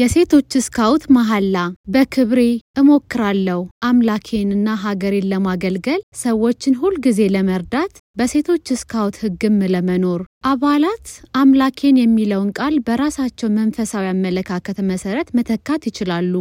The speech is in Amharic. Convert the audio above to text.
የሴቶች ስካውት መሐላ በክብሬ እሞክራለሁ አምላኬንና ሀገሬን ለማገልገል ሰዎችን ሁልጊዜ ለመርዳት በሴቶች ስካውት ሕግም ለመኖር አባላት አምላኬን የሚለውን ቃል በራሳቸው መንፈሳዊ አመለካከት መሰረት መተካት ይችላሉ።